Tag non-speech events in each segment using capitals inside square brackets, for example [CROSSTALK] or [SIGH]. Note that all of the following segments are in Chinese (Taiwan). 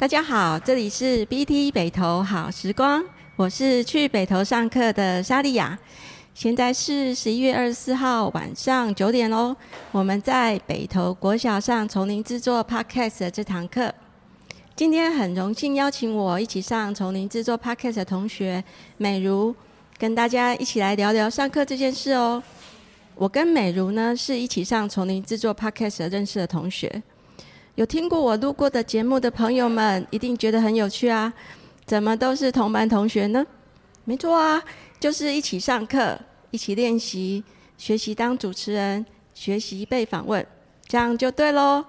大家好，這裡是 BT 北投好時光，我是趣北投上課的莎莉亞，現在是十一月二十四號晚上九點哦。我們在北投國小上從零製作 Podcast 的這堂課，今天很榮幸邀請我一起上從零製作 Podcast 的同學美如，跟大家一起來聊聊上課這件事哦，我跟美如呢是一起上從零製作 Podcast 認識的同學。有聽過我錄過的節目的朋友們，一定覺得很有趣啊！怎麼都是同班同學呢？沒錯啊，就是一起上課、一起練習、學習當主持人、學習被訪問，這樣就對嘍。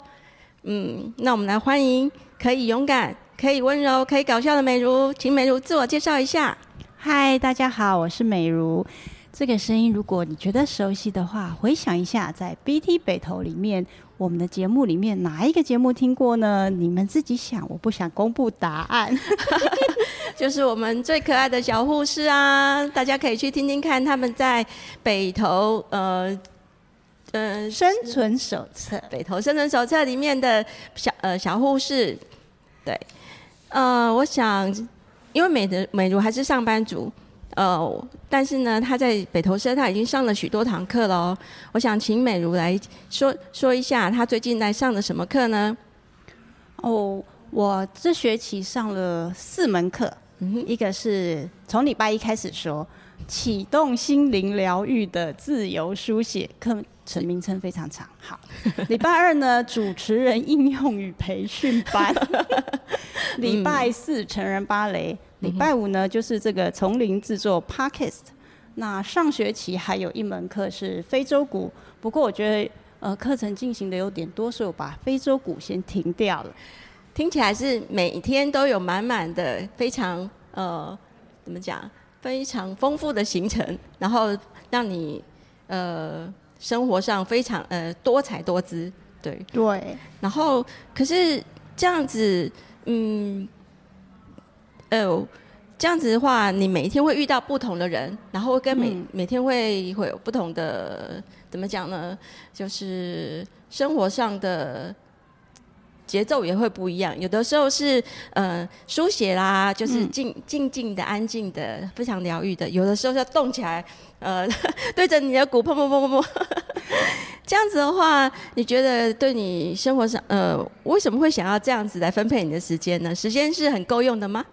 嗯，那我們來歡迎可以勇敢、可以溫柔、可以搞笑的美如，請美如自我介紹一下。嗨，大家好，我是美如。這個聲音，如果你覺得熟悉的話，回想一下，在 BT 北投裡面，我們的節目裡面哪一個節目聽過呢？你們自己想，我不想公布答案。 [LAUGHS] 就是我們最可愛的小護士啊，大家可以去聽聽看，他們在北投呃呃生存手冊《是北投生存手冊》裡面的小呃小護士。對，呃，我想，因為美的美如還是上班族。呃、哦，但是呢，他在北投社，他已經上了許多堂課了。我想請美如來說說一下，他最近在上的什麼課呢？哦，我這學期上了四門課，嗯、哼一個是從禮拜一開始說，啟動心靈療癒的自由書寫課，嗯、哼名稱非常長。好，禮 [LAUGHS] 拜二呢，主持人應用與培訓班，禮 [LAUGHS] [LAUGHS] 拜四成人芭蕾。嗯禮拜五呢，就是這個從零製作 Podcast。那上學期還有一門課是非洲鼓，不過我覺得呃課程進行的有點多，所以我把非洲鼓先停掉了。聽起來是每天都有滿滿的、非常呃，怎麼講？非常豐富的行程，然後讓你呃生活上非常呃多彩多姿。對對。然後可是這樣子，嗯。哎、呃，這樣子的話，你每一天會遇到不同的人，然後跟每、嗯、每天會會有不同的怎麼講呢？就是生活上的節奏也會不一樣。有的時候是嗯、呃，書寫啦，就是靜靜靜的、安靜的、非常療癒的；有的時候是要動起來，呃，對着你的鼓碰碰碰碰碰。這樣子的話，你覺得對你生活上，呃，為什麼會想要這樣子來分配你的時間呢？時間是很夠用的嗎？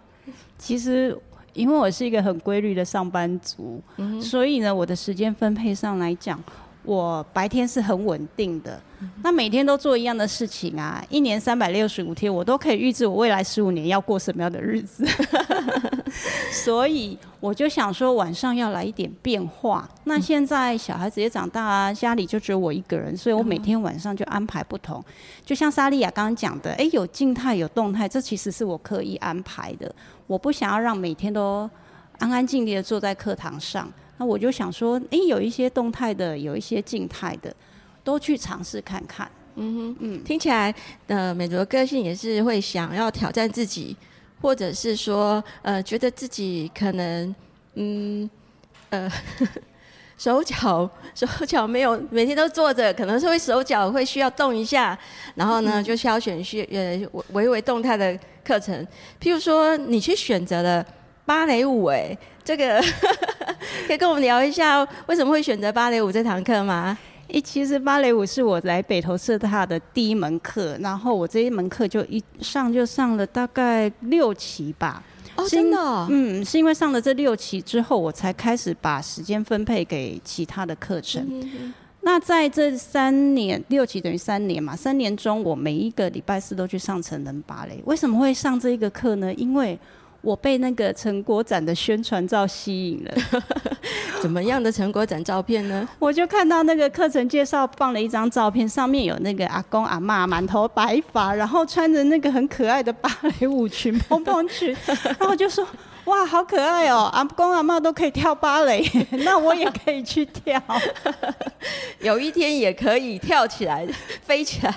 其實，因為我是一個很規律的上班族，嗯、哼所以呢，我的時間分配上來講，我白天是很穩定的。嗯、哼那每天都做一樣的事情啊，一年三百六十五天，我都可以預知我未來十五年要過什麼樣的日子。 [LAUGHS] [LAUGHS] 所以。我就想說晚上要來一點變化。那現在小孩子也長大啊，嗯、家裡就只有我一個人，所以我每天晚上就安排不同。就像莎莉亞剛剛講的，哎、欸，有靜態有動態，這其實是我刻意安排的。我不想要讓每天都安安靜靜的坐在課堂上，那我就想說，哎、欸，有一些動態的，有一些靜態的，都去嘗試看看。嗯哼，嗯，聽起來，呃，美國的個性也是會想要挑戰自己。或者是說，呃，覺得自己可能，嗯，呃，手腳手腳沒有每天都坐着，可能是會手腳會需要動一下，然後呢，就需、是、要選些呃微微動態的課程。譬如說，你去選擇了芭蕾舞，欸，誒，這個 [LAUGHS] 可以跟我們聊一下，為什麼會選擇芭蕾舞這堂課嗎？誒，其實芭蕾舞是我來北投社大的第一門課，然後我這一門課就一上就上了大概六期吧。哦，先真的、哦。嗯，是因為上了這六期之後，我才開始把時間分配給其他的課程。 [NOISE] 那在這三年，六期等於三年嘛，三年中我每一個禮拜四都去上成人芭蕾。為什麼會上這一個課呢？因為我被那個成果展的宣傳照吸引了， [LAUGHS] 怎麼樣的成果展照片呢？我就看到那個課程介紹放了一張照片，上面有那個阿公阿嬤滿頭白髮，然後穿着那個很可愛的芭蕾舞裙，蓬蓬 [LAUGHS] 裙，然後我就說。 [LAUGHS] [LAUGHS] 哇，好可愛哦、喔！阿公阿嬤都可以跳芭蕾，那我也可以去跳， [LAUGHS] 有一天也可以跳起來、飛起來。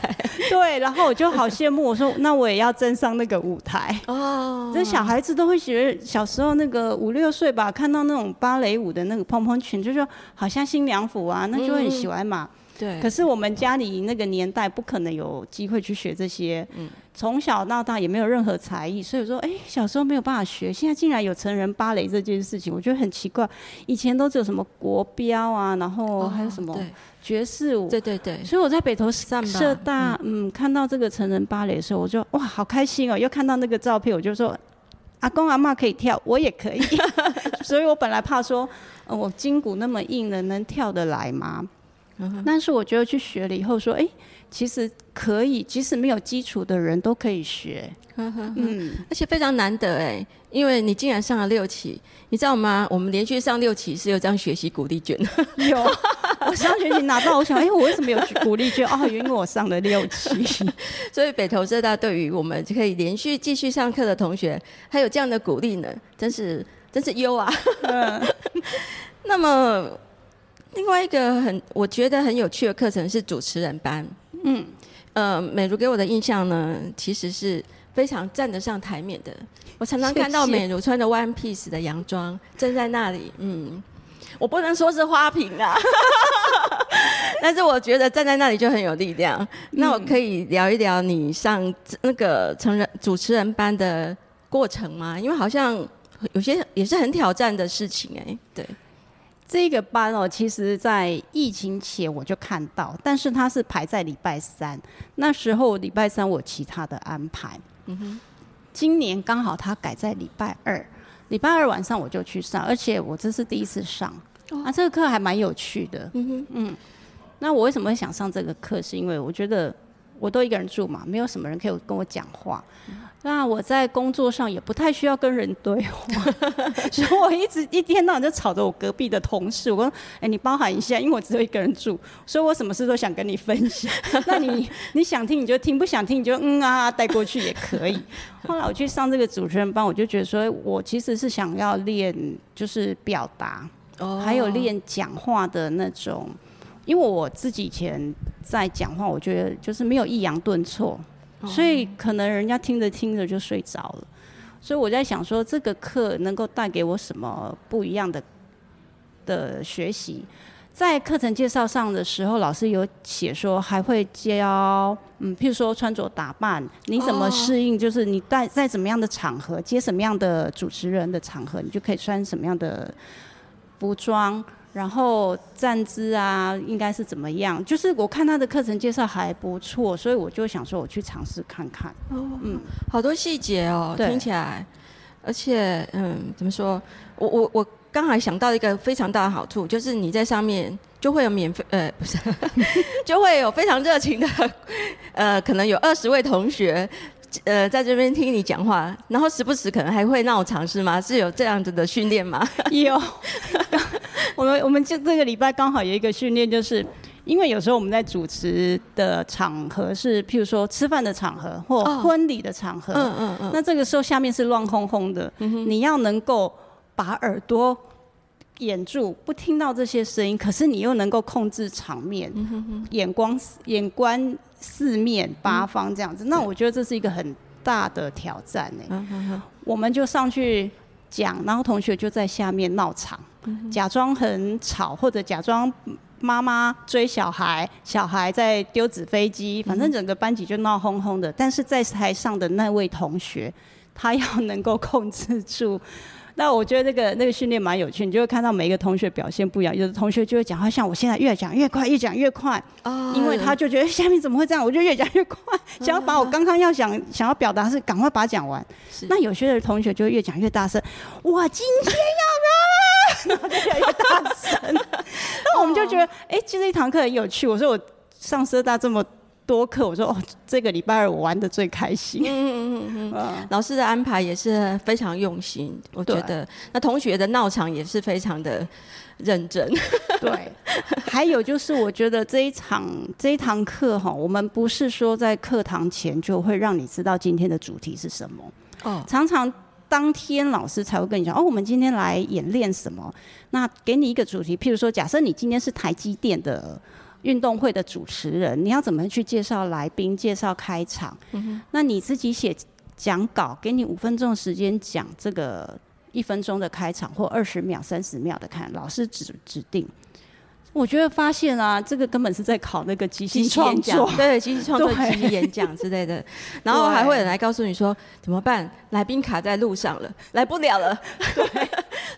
對，然後我就好羨慕，我說那我也要登上那個舞台哦。這小孩子都會覺得，小時候那個五六歲吧，看到那種芭蕾舞的那個蓬蓬裙，就說好像新娘服啊，那就很喜歡嘛。嗯對可是我們家裡那個年代不可能有機會去學這些，從、嗯、小到大也沒有任何才藝，所以我說，哎、欸，小時候沒有辦法學，現在竟然有成人芭蕾這件事情，我覺得很奇怪。以前都只有什麼國標啊，然後還有什麼爵士舞，哦、對，對對對。所以我在北投社大，嗯，嗯看到這個成人芭蕾的時候，我就哇，好開心哦、喔！又看到那個照片，我就說，阿公阿嬤可以跳，我也可以。 [LAUGHS] 所以我本來怕說，我、哦、筋骨那麼硬的，能跳得來嗎？但是我覺得去學了以後說，說、欸、哎，其實可以，即使沒有基礎的人都可以學。嗯，而且非常難得哎、欸，因為你竟然上了六期，你知道嗎？我們連續上六期是有這樣學習鼓勵卷的。有，我上學期拿到，我想哎、欸，我為什麼有鼓勵卷？哦，因為，因為我上了六期。所以北投社大對於我們就可以連續繼續上課的同學，還有這樣的鼓勵呢，真是真是優啊。嗯、 [LAUGHS] 那麼。另外一個很，我覺得很有趣的課程是主持人班。嗯，呃，美如給我的印象呢，其實是非常站得上台面的。我常常看到美如穿着 one piece 的洋裝謝站在那裡，嗯，我不能說是花瓶啊， [LAUGHS] [LAUGHS] 但是我覺得站在那裡就很有力量。嗯、那我可以聊一聊你上那個成人主持人班的過程嗎？因為好像有些也是很挑戰的事情哎、欸，對。這個班哦，其實在疫情前我就看到，但是他是排在禮拜三。那時候禮拜三我其他的安排，嗯哼。今年剛好他改在禮拜二，禮拜二晚上我就去上，而且我這是第一次上，哦、啊，這個課還蠻有趣的，嗯哼，嗯。那我為什麼會想上這個課？是因為我覺得。我都一個人住嘛，沒有什麼人可以跟我講話。嗯、那我在工作上也不太需要跟人對話， [LAUGHS] 所以我一直一天到晚就吵着我隔壁的同事。我說：“哎、欸，你包涵一下，因為我只有一個人住，所以我什麼事都想跟你分享。 [LAUGHS] 那你你想聽你就聽，不想聽你就嗯啊帶、啊、過去也可以。” [LAUGHS] 後來我去上這個主持人班，我就覺得說，我其實是想要練就是表達，哦、還有練講話的那種。因為我自己以前在講話，我覺得就是沒有抑揚頓挫，oh. 所以可能人家聽着聽着就睡着了。所以我在想說，這個課能夠帶給我什麼不一樣的的學習？在課程介紹上的時候，老師有寫說還會教，嗯，譬如說穿着打扮，你怎麼適應？Oh. 就是你帶在怎麼樣的場合，接什麼樣的主持人的場合，你就可以穿什麼樣的服裝。然後站姿啊，應該是怎麼樣？就是我看他的課程介紹還不錯，所以我就想說我去嘗試看看。哦，嗯，好多細節哦，對聽起來，而且嗯，怎麼說？我我我剛才想到一個非常大的好處，就是你在上面就會有免費，呃，不是， [LAUGHS] 就會有非常熱情的，呃，可能有二十位同學。呃，在這邊聽你講話，然後時不時可能還會讓我嘗試嗎？是有這樣子的訓練嗎？有 [LAUGHS] 我們，我們我們這這個禮拜剛好有一個訓練，就是因為有時候我們在主持的場合是，譬如說吃飯的場合或婚禮的場合。哦，嗯嗯嗯，那這個時候下面是亂哄哄的，嗯、哼你要能夠把耳朵掩住，不聽到這些聲音，可是你又能夠控制場面，眼光、嗯、眼光。眼光四面八方這樣子，嗯、那我覺得這是一個很大的挑戰呢、欸。嗯嗯嗯嗯、我們就上去講，然後同學就在下面鬧場，嗯、哼假裝很吵，或者假裝媽媽追小孩，小孩在丟紙飛機，反正整個班級就鬧哄哄的。嗯、哼但是在臺上的那位同學，他要能夠控制住。那我覺得、這個、那個那個訓練蠻有趣，你就會看到每一個同學表現不一樣。有的同學就會講，他像我現在越講越快，越講越快，哦、因為他就覺得下面怎麼會這樣？我就越講越快，哦、想要把我剛剛要講、哦、想要表達是趕快把它講完。是那有些的同學就會越講越大聲，是我今天要啊， [LAUGHS] 然後就越大聲。哦、 [LAUGHS] 那我們就覺得，哎、欸，其、就、實、是、一堂課很有趣。我說我上師大這麼。多課，我說哦，這個禮拜二我玩得最開心。老師的安排也是非常用心，我覺得。對，那同學的鬧場也是非常的認真。對， [LAUGHS] 還有就是我覺得這一場這一堂課哈，我們不是說在課堂前就會讓你知道今天的主題是什麼。哦，常常當天老師才會跟你講哦，我們今天來演練什麼？那給你一個主題，譬如說，假設你今天是台積電的。運動會的主持人，你要怎麼去介紹來賓、介紹開場？嗯、哼那你自己寫講稿，給你五分鐘的時間講這個一分鐘的開場，或二十秒、三十秒的看，老師指指定。我覺得發現啊，這個根本是在考那個即興演講，對，即興創作、即興對演講之類的。然後我還會來告訴你說，怎麼辦？來賓卡在路上了，來不了了。對對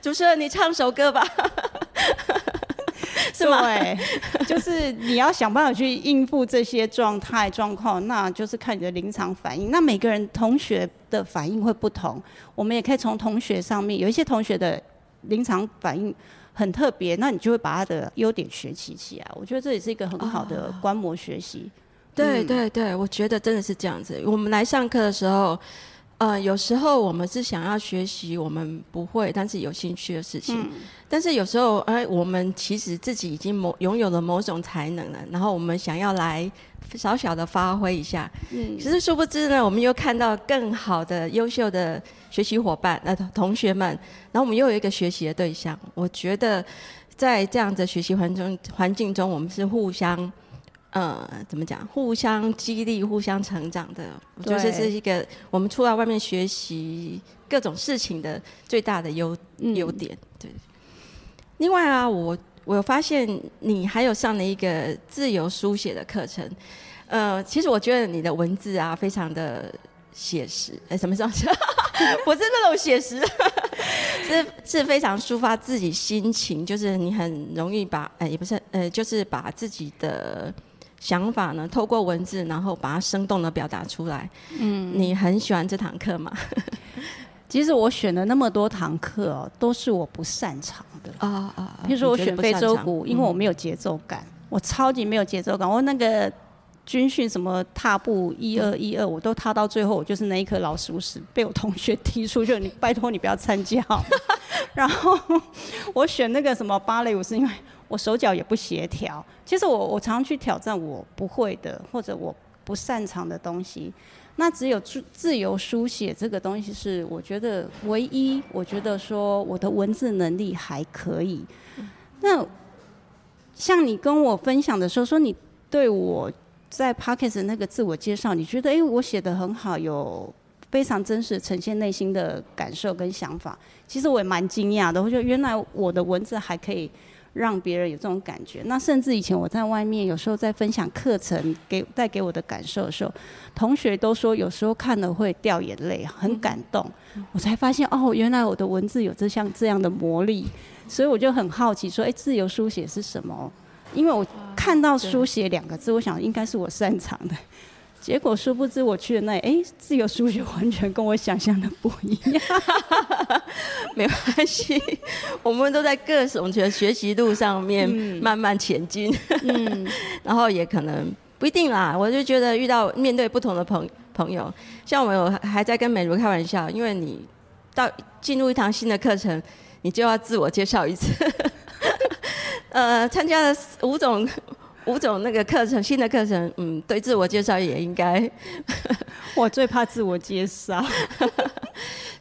主持人，你唱首歌吧。對，就是你要想辦法去應付這些狀態狀況，那就是看你的臨場反應。那每個人同學的反應會不同，我們也可以從同學上面，有一些同學的臨場反應很特別，那你就會把他的優點學習起來。我覺得這也是一個很好的觀摩學習。Oh. 嗯。對對對，我覺得真的是這樣子。我們來上課的時候，呃，有時候我們是想要學習我們不會但是有興趣的事情，嗯、但是有時候，哎、呃，我們其實自己已經某擁有了某種才能了，然後我們想要來小小的發揮一下。嗯，其實殊不知呢，我們又看到更好的、優秀的學習夥伴，那、呃、同學們，然後我們又有一個學習的對象。我覺得，在這樣的學習環中環境中，境中我們是互相。呃，怎麼講？互相激勵、互相成長的，就是對是一個我們出來外面學習各種事情的最大的優、嗯、優點。對。另外啊，我我發現你還有上了一個自由書寫的課程。呃，其實我覺得你的文字啊，非常的寫實。哎、呃，什麼時候？ [LAUGHS] 我是那種寫實， [LAUGHS] 是是非常抒發自己心情，就是你很容易把，哎、呃，也不是，呃，就是把自己的。想法呢，透過文字，然後把它生動地表達出來。嗯，你很喜歡這堂課嗎？ [LAUGHS] 其實我選了那麼多堂課，哦，都是我不擅長的。啊，啊啊！比如說我選非洲鼓，因為我沒有節奏感，嗯、我超級沒有節奏感。我那個軍訓什麼踏步一二一二，我都踏到最後，我就是那一顆老鼠屎，被我同學踢出去。你拜託你不要參加，哦。 [LAUGHS] [LAUGHS] 然後我選那個什麼芭蕾舞，是因為。我手腳也不協調。其實我我常常去挑戰我不會的或者我不擅長的東西。那只有自自由書寫這個東西是我覺得唯一。我覺得說我的文字能力還可以。嗯、那像你跟我分享的時候，說你對我在 Podcast 那個自我介紹，你覺得哎、欸、我寫得很好，有非常真實呈現內心的感受跟想法。其實我也蠻驚訝的，我覺得原來我的文字還可以。讓別人有這種感覺，那甚至以前我在外面有時候在分享課程給帶給我的感受的時候，同學都說有時候看了會掉眼淚，很感動。嗯、我才發現哦，原來我的文字有這像這樣的魔力，所以我就很好奇說，哎、欸，自由書寫是什麼？因為我看到“書寫”兩個字，我想應該是我擅長的。結果殊不知，我去了那裡，哎、欸，自由書寫完全跟我想象的不一樣。 [LAUGHS] 沒關係，我們都在各種學學習路上面慢慢前進、嗯。嗯， [LAUGHS] 然後也可能不一定啦，我就覺得遇到面對不同的朋朋友，像我有還在跟美如開玩笑，因為你到進入一堂新的課程，你就要自我介紹一次。 [LAUGHS] 呃，參加了五種。吳總，五種那個課程，新的課程，嗯，對，自我介紹也應該， [LAUGHS] 我最怕自我介紹， [LAUGHS]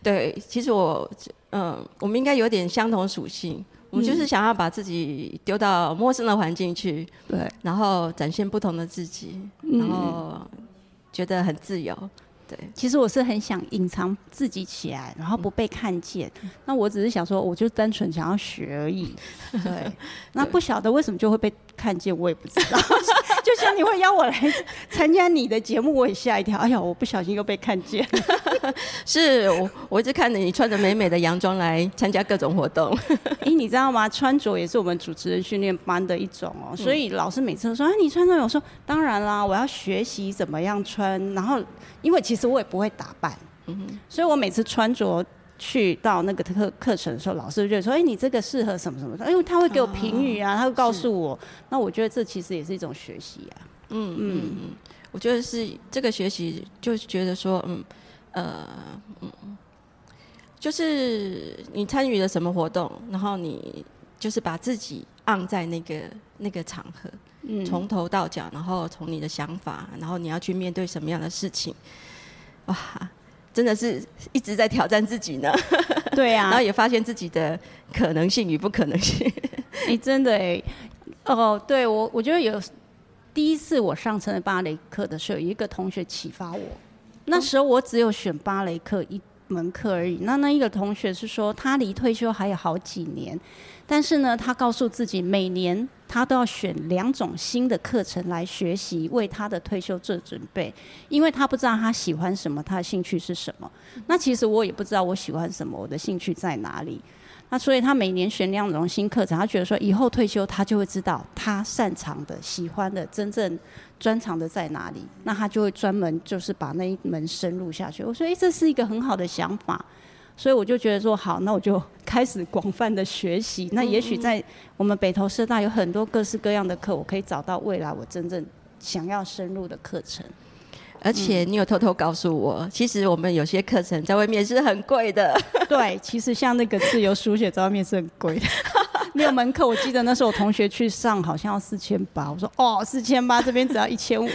對，其實我，嗯，我們應該有點相同屬性，我們就是想要把自己丟到陌生的環境去，對、嗯，然後展現不同的自己，然後覺得很自由。對 其實我是很想隱藏自己起來，然後不被看見。嗯、那我只是想說，我就單純想要學而已。嗯、對， [LAUGHS] 那不曉得為什麼就會被看見，我也不知道。對 [LAUGHS] [LAUGHS] [LAUGHS] 就像你會邀我來參加你的節目，我也嚇一跳。哎呀，我不小心又被看見了。 [LAUGHS] [LAUGHS] 是我，我一直看着你穿着美美的洋裝來參加各種活動。哎、 [LAUGHS] 欸，你知道嗎？穿着也是我們主持人訓練班的一種哦、喔。所以老師每次都說：“哎、嗯啊，你穿着。”我說：“當然啦，我要學習怎麼樣穿。”然後，因為其實我也不會打扮，所以我每次穿着。去到那個課課程的時候，老師就會說：“哎、欸，你這個適合什麼什麼？”因為他會給我評語啊，哦、他會告訴我。是那我覺得這其實也是一種學習啊。嗯嗯嗯，嗯我覺得是這個學習，就是覺得說，嗯，呃，嗯，就是你參與了什麼活動，然後你就是把自己按在那個那個場合，從、嗯、頭到腳，然後從你的想法，然後你要去面對什麼樣的事情，哇！真的是一直在挑戰自己呢？對、啊，對呀，然後也發現自己的可能性與不可能性、欸。你真的、欸，哦、oh,，對我，我覺得有第一次我上成了芭蕾課的時候，有一個同學啟發我，那時候我只有選芭蕾課一門課而已。那那一個同學是說，他離退休還有好幾年，但是呢，他告訴自己每年。他都要選兩種新的課程來學習，為他的退休做準備，因為他不知道他喜歡什麼，他的興趣是什麼。那其實我也不知道我喜歡什麼，我的興趣在哪裡。那所以他每年選兩種新課程，他覺得說以後退休他就會知道他擅長的、喜歡的、真正專長的在哪裡。那他就會專門就是把那一門深入下去。我說，誒，這是一個很好的想法。所以我就覺得說好，那我就開始廣泛的學習。那也許在我們北投社大有很多各式各樣的課，我可以找到未來我真正想要深入的課程。而且你有偷偷告訴我，其實我們有些課程在外面是很貴的。 [LAUGHS] 對，其實像那個自由書寫在外面是很貴的。六 [LAUGHS] 門課，我記得那時候我同學去上，好像要四千八。我說哦，四千八這邊只要一千五，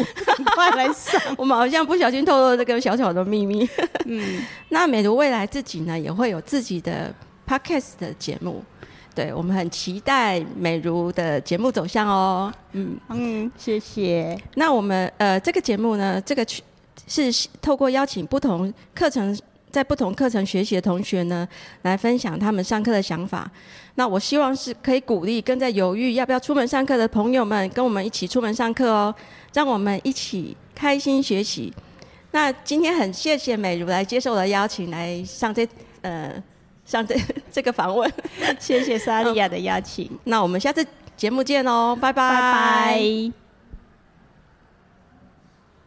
快來上。 [LAUGHS] 我們好像不小心透露了這個小小的秘密。 [LAUGHS] 嗯，那美如未來自己呢也會有自己的 Podcast 的節目，對我們很期待美如的節目走向哦。嗯嗯，謝謝。那我們呃這個節目呢，這個是透過邀請不同課程。在不同課程學習的同學呢，來分享他們上課的想法。那我希望是可以鼓勵跟在猶豫要不要出門上課的朋友們，跟我們一起出門上課哦，讓我們一起開心學習。那今天很謝謝美如來接受我的邀請，來上這呃上這呵呵這個訪問。謝謝莎莉亞的邀請。嗯，那我們下次節目見哦，拜拜。Bye bye